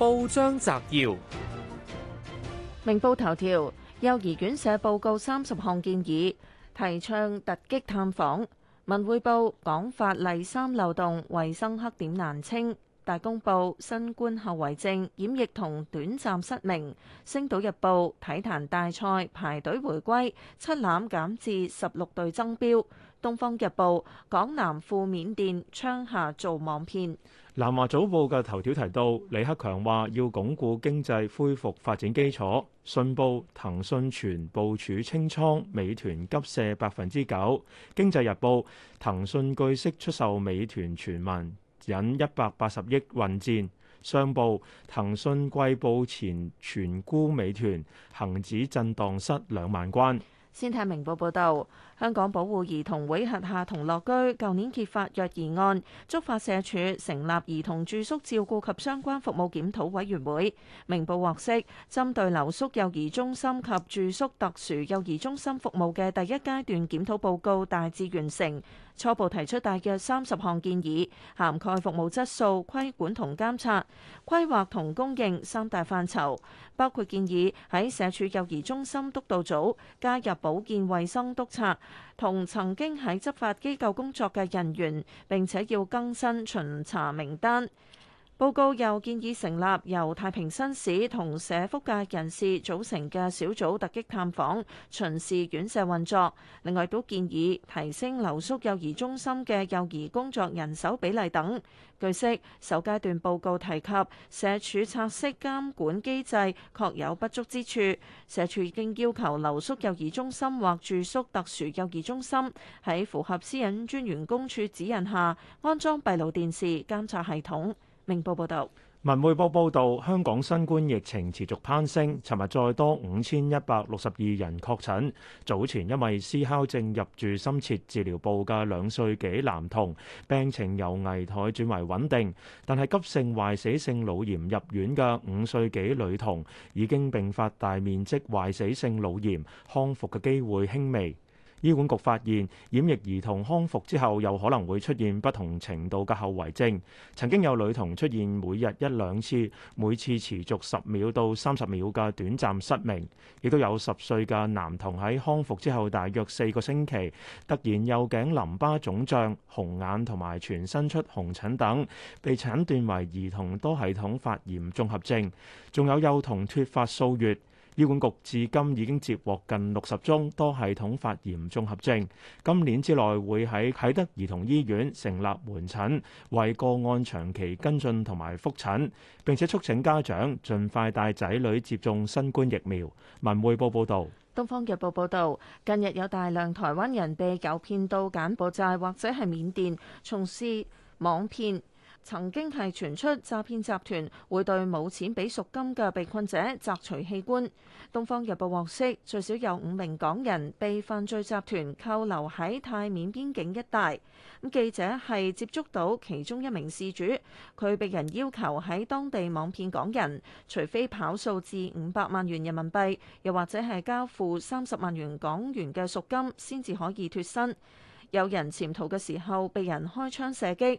報章摘要：明報頭條，幼兒園社報告三十項建議，提倡突擊探訪。文匯報，港法例三漏洞，衛生黑點難清。大公報，新冠後遺症，染疫同短暫失明。星島日報，體壇大賽排隊回歸，七欖減至十六隊增標。東方日報，港南赴緬甸，槍下做網騙。南華早報嘅頭條提到，李克強話要鞏固經濟恢復發展基礎。信報，騰訊全部處清倉，美團急瀉百分之九。經濟日報，騰訊據悉出售美團傳聞引一百八十億混戰。商報，騰訊季報前全沽美團，恒指震盪失兩萬關。先睇明報報導，香港保護兒童會轄下童樂居，舊年揭發虐兒案，觸發社署成立兒童住宿照顧及相關服務檢討委員會。明報獲悉，針對留宿幼兒中心及住宿特殊幼兒中心服務嘅第一階段檢討報告大致完成。初步提出大約三十項建議，涵蓋服務質素、規管同監察、規劃同供應三大範疇，包括建議喺社署幼兒中心督導組加入保健衛生督察，同曾經喺執法機構工作嘅人員，並且要更新巡查名單。報告又建議成立由太平紳士同社福界人士組成嘅小組，突擊探訪，巡視院舍運作。另外，都建議提升留宿幼兒中心嘅幼兒工作人手比例等。據悉，首階段報告提及社署拆式監管機制確有不足之處，社署已經要求留宿幼兒中心或住宿特殊幼兒中心喺符合私隱專員公署指引下安裝閉路電視監察系統。明報報道，文匯報報道，香港新冠疫情持續攀升，尋日再多五千一百六十二人確診。早前因為嘶哮症入住深切治療部嘅兩歲幾男童，病情由危殆轉為穩定，但係急性壞死性腦炎入院嘅五歲幾女童已經併發大面積壞死性腦炎，康復嘅機會輕微。醫管局發現，染疫兒童康復之後，有可能會出現不同程度嘅後遺症。曾經有女童出現每日一兩次，每次持續十秒到三十秒嘅短暫失明；亦都有十歲嘅男童喺康復之後，大約四個星期，突然右頸淋巴腫脹、紅眼同埋全身出紅疹等，被診斷為兒童多系統發炎綜合症。仲有幼童脫髮數月。醫管局至今已經接獲近六十宗多系統發炎綜合症，今年之內會喺啟德兒童醫院成立門診，為個案長期跟進同埋覆診，並且促請家長盡快帶仔女接種新冠疫苗。文匯報報道。東方日報報道，近日有大量台灣人被誘騙到柬埔寨或者係緬甸，從事網騙。曾經係傳出詐騙集團會對冇錢俾贖金嘅被困者摘除器官。《東方日報》獲悉，最少有五名港人被犯罪集團扣留喺泰緬邊境一帶。咁記者係接觸到其中一名事主，佢被人要求喺當地網騙港人，除非跑數至五百萬元人民幣，又或者係交付三十萬元港元嘅贖金，先至可以脫身。有人潛逃嘅時候，被人開槍射擊。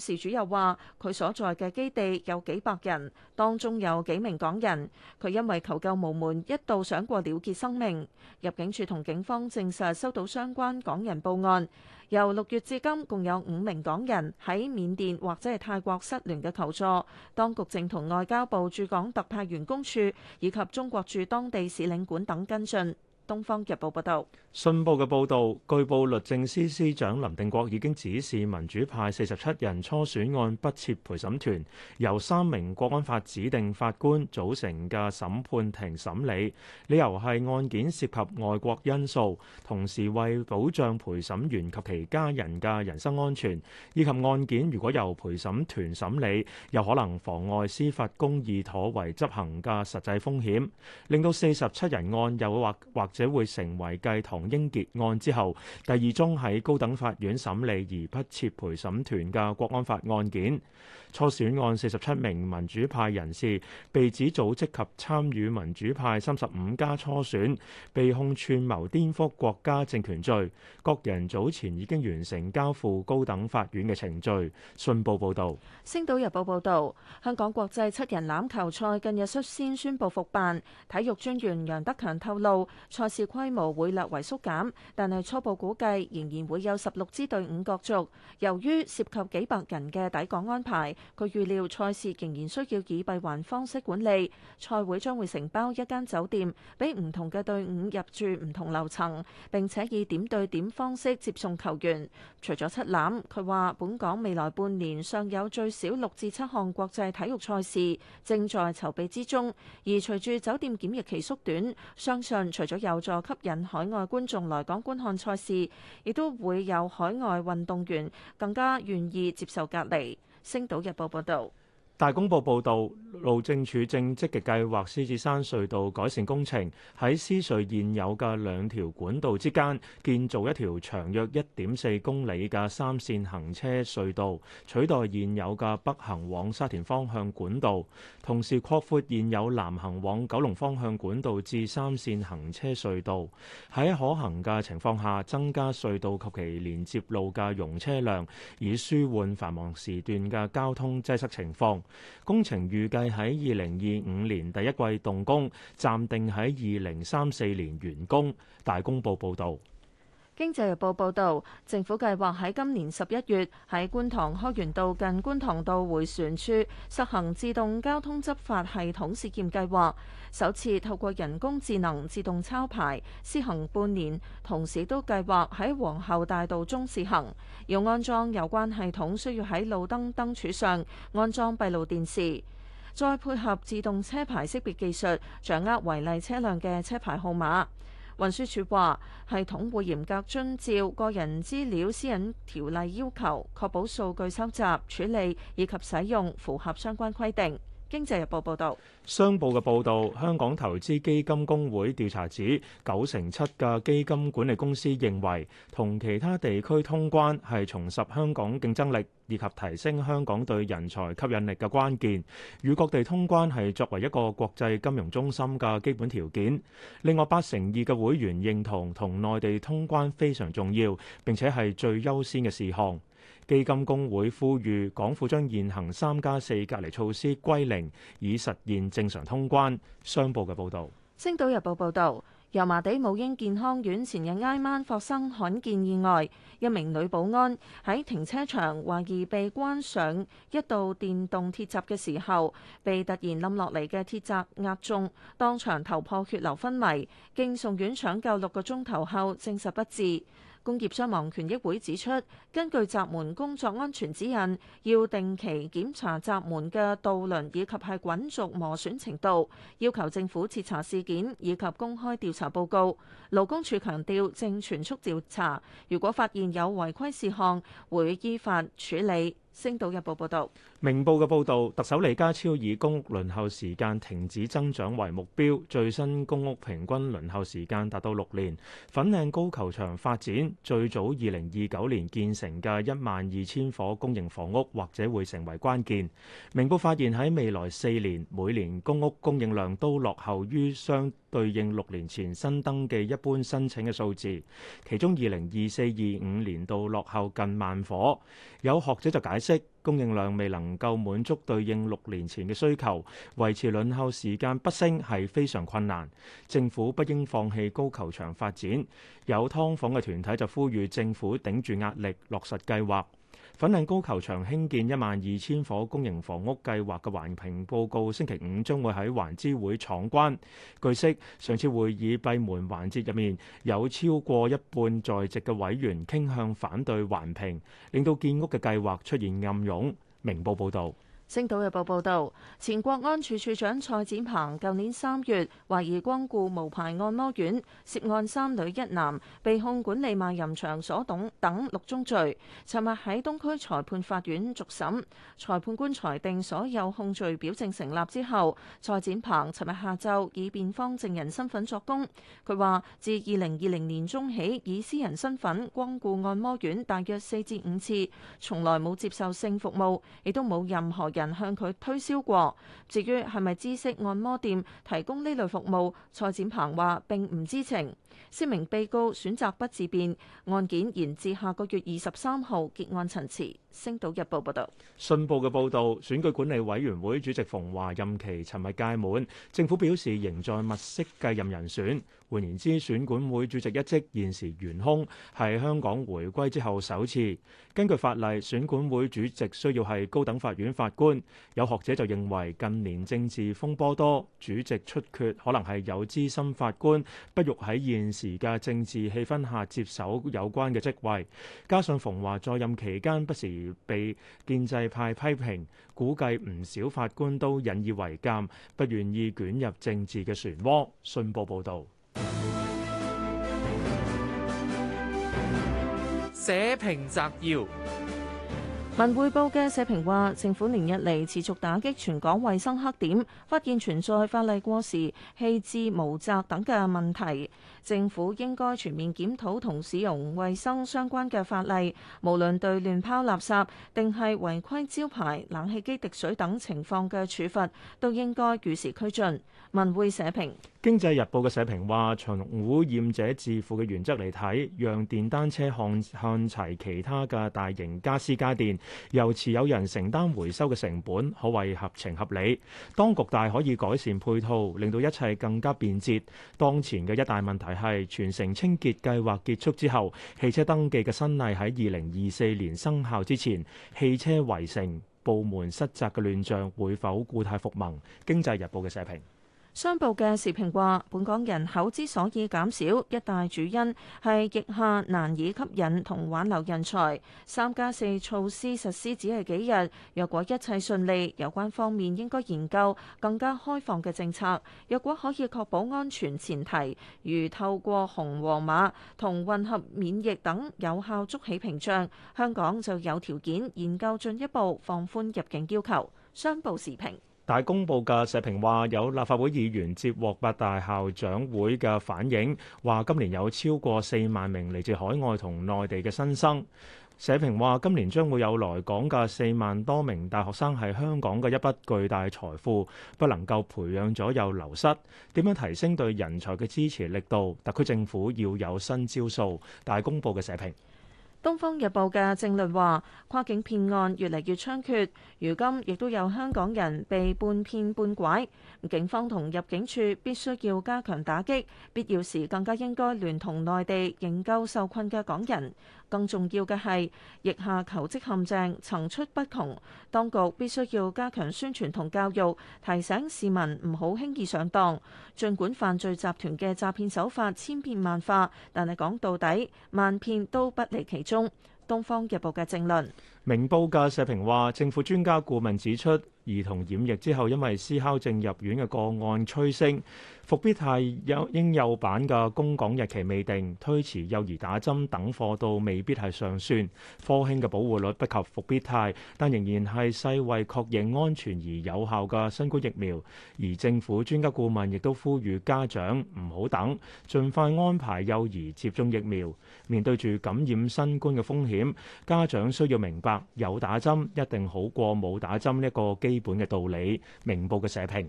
事主又話，佢所在嘅基地有幾百人，當中有幾名港人。佢因為求救無門，一度想過了結生命。入境處同警方證實收到相關港人報案，由六月至今，共有五名港人喺緬甸或者係泰國失聯嘅求助，當局正同外交部駐港特派員公署以及中國駐當地使領館等跟進。《東方日報》報道，信報嘅報導，據報律政司司長林定國已經指示民主派四十七人初選案不設陪審團，由三名《國安法》指定法官組成嘅審判庭審理，理由係案件涉及外國因素，同時為保障陪審員及其家人嘅人身安全，以及案件如果由陪審團審理，有可能妨礙司法公義妥為執行嘅實際風險，令到四十七人案又或或。這會成為繼唐英傑案之後第二宗喺高等法院審理而不設陪審團嘅國安法案件。初選案四十七名民主派人士被指組織及參與民主派三十五家初選，被控串謀顛覆國家政權罪。各人早前已經完成交付高等法院嘅程序。信報報道，《星島日報》報道，香港國際七人欖球賽近日率先宣布復辦。體育專員楊德強透露，賽賽事規模會略為縮減，但係初步估計仍然會有十六支隊伍角逐。由於涉及幾百人嘅抵港安排，佢預料賽事仍然需要以閉環方式管理。賽會將會承包一間酒店，俾唔同嘅隊伍入住唔同樓層，並且以點對點方式接送球員。除咗七欖，佢話本港未來半年尚有最少六至七項國際體育賽事正在籌備之中，而隨住酒店檢疫期縮短，相信除咗有助吸引海外觀眾來港觀看賽事，亦都會有海外運動員更加願意接受隔離。星島日報報道。大公報報導，路政署正積極計劃獅子山隧道改善工程，喺獅隧現有嘅兩條管道之間建造一條長約一點四公里嘅三線行車隧道，取代現有嘅北行往沙田方向管道，同時擴闊現有南行往九龍方向管道至三線行車隧道。喺可行嘅情況下，增加隧道及其連接路嘅容車量，以舒緩繁忙時段嘅交通擠塞情況。工程預計喺二零二五年第一季動工，暫定喺二零三四年完工。大公報報道。經濟日報報導，政府計劃喺今年十一月喺觀塘開源道近觀塘道迴旋處實行自動交通執法系統試驗計劃，首次透過人工智能自動抄牌，施行半年，同時都計劃喺皇后大道中試行。要安裝有關系統，需要喺路燈燈柱上安裝閉路電視，再配合自動車牌識別技術，掌握違例車輛嘅車牌號碼。運輸署話：系統會嚴格遵照個人資料私隱條例要求，確保數據收集、處理以及使用符合相關規定。經濟日報報道，商報嘅報道，香港投資基金公會調查指，九成七嘅基金管理公司認為，同其他地區通關係重拾香港競爭力以及提升香港對人才吸引力嘅關鍵，與各地通關係作為一個國際金融中心嘅基本條件。另外，八成二嘅會員認同同內地通關非常重要，並且係最優先嘅事項。基金公會呼籲港府將現行三加四隔離措施歸零，以實現正常通關。商報嘅報導，《星島日報》報導，油麻地母嬰健康院前日挨晚發生罕見意外，一名女保安喺停車場懷疑被關上一道電動鐵閘嘅時候，被突然冧落嚟嘅鐵閘壓中，當場頭破血流昏迷，經送院搶救六個鐘頭後，證實不治。工業傷亡權益會指出，根據閘門工作安全指引，要定期檢查閘門嘅導輪以及係滾軸磨損程度，要求政府徹查事件以及公開調查報告。勞工處強調正全速調查，如果發現有違規事項，會依法處理。星島日報報道，明報嘅報道，特首李家超以公屋輪候時間停止增長為目標，最新公屋平均輪候時間達到六年。粉嶺高球場發展最早二零二九年建成嘅一萬二千伙公營房屋，或者會成為關鍵。明報發現喺未來四年，每年公屋供應量都落後於商。對應六年前新登記一般申請嘅數字，其中2024、25年度粉嶺高球場興建一萬二千伙公營房屋計劃嘅環評報告，星期五將會喺環諮會闖關。據悉，上次會議閉門環節入面，有超過一半在席嘅委員傾向反對環評，令到建屋嘅計劃出現暗湧。明報報道。《星島日報》報導，前國安處處長蔡展鵬舊年三月懷疑光顧無牌按摩院，涉案三女一男，被控管理賣淫場所董等六宗罪。尋日喺東區裁判法院續審，裁判官裁定所有控罪表證成立之後，蔡展鵬尋日下晝以辯方證人身份作供。佢話：自二零二零年中起，以私人身份光顧按摩院大約四至五次，從來冇接受性服務，亦都冇任何人向佢推銷過，至於係咪知識按摩店提供呢類服務，蔡展鵬話並唔知情。四名被告選擇不自辯，案件延至下個月二十三號結案陳詞。星島日報報道：「信報嘅報導，選舉管理委員會主席馮華任期尋日屆滿，政府表示仍在物色繼任人選。換言之，選管會主席一職現時懸空，係香港回歸之後首次。根據法例，選管會主席需要係高等法院法官。有學者就認為，近年政治風波多，主席出缺可能係有資深法官不欲喺現。現時嘅政治氣氛下接手有關嘅職位，加上馮華在任期間不時被建制派批評，估計唔少法官都引以為鑑，不願意捲入政治嘅漩渦。信報報道。社評摘要。文匯報嘅社評話，政府連日嚟，持續打擊全港衛生黑點，發現存在法例過時、棄置無責等嘅問題。政府應該全面檢討同市容衛生相關嘅法例，無論對亂拋垃、垃圾定係違規招牌、冷氣機滴水等情況嘅處罰，都應該與時俱進。文匯社評。經濟日報嘅社評話：從污染者自負嘅原則嚟睇，讓電單車看齊其他嘅大型家私家電，由持有人承擔回收嘅成本，可謂合情合理。當局大可以改善配套，令到一切更加便捷。當前嘅一大問題係全城清潔計劃結束之後，汽車登記嘅新例喺二零二四年生效之前，汽車圍城部門失責嘅亂象會否故態復萌？經濟日報嘅社評。商報嘅時評話：本港人口之所以減少，一大主因係疫下難以吸引同挽留人才。三加四措施實施只係幾日，若果一切順利，有關方面應該研究更加開放嘅政策。若果可以確保安全前提，如透過紅黃碼同混合免疫等有效築起屏障，香港就有條件研究進一步放寬入境要求。商報時評。大公報嘅社評話，有立法會議員接獲八大校長會嘅反映，話今年有超過四萬名嚟自海外同內地嘅新生。社評話，今年將會有來港嘅四萬多名大學生係香港嘅一筆巨大財富，不能夠培養咗又流失，點樣提升對人才嘅支持力度？特區政府要有新招數。大公報嘅社評。《東方日報》嘅政論話：跨境騙案越嚟越猖獗，如今亦都有香港人被半騙半拐，警方同入境處必須要加強打擊，必要時更加應該聯同內地營救受困嘅港人。更重要嘅係，疫下求職陷阱層出不窮，當局必須要加強宣傳同教育，提醒市民唔好輕易上當，盡管犯罪集團嘅詐騙手法千變萬化，但係講到底，萬變都不離其中。《東方日報》嘅政論。明報嘅社評話，政府專家顧問指出，兒童染疫之後，因為思考症入院嘅個案催升。復必泰有嬰幼版嘅供港日期未定，推遲幼兒打針等貨到未必係上算。科興嘅保護率不及復必泰，但仍然係世衛確認安全而有效嘅新冠疫苗。而政府專家顧問亦都呼籲家長唔好等，盡快安排幼兒接種疫苗。面對住感染新冠嘅風險，家長需要明白有打針一定好過冇打針呢一個基本嘅道理。明報嘅社評。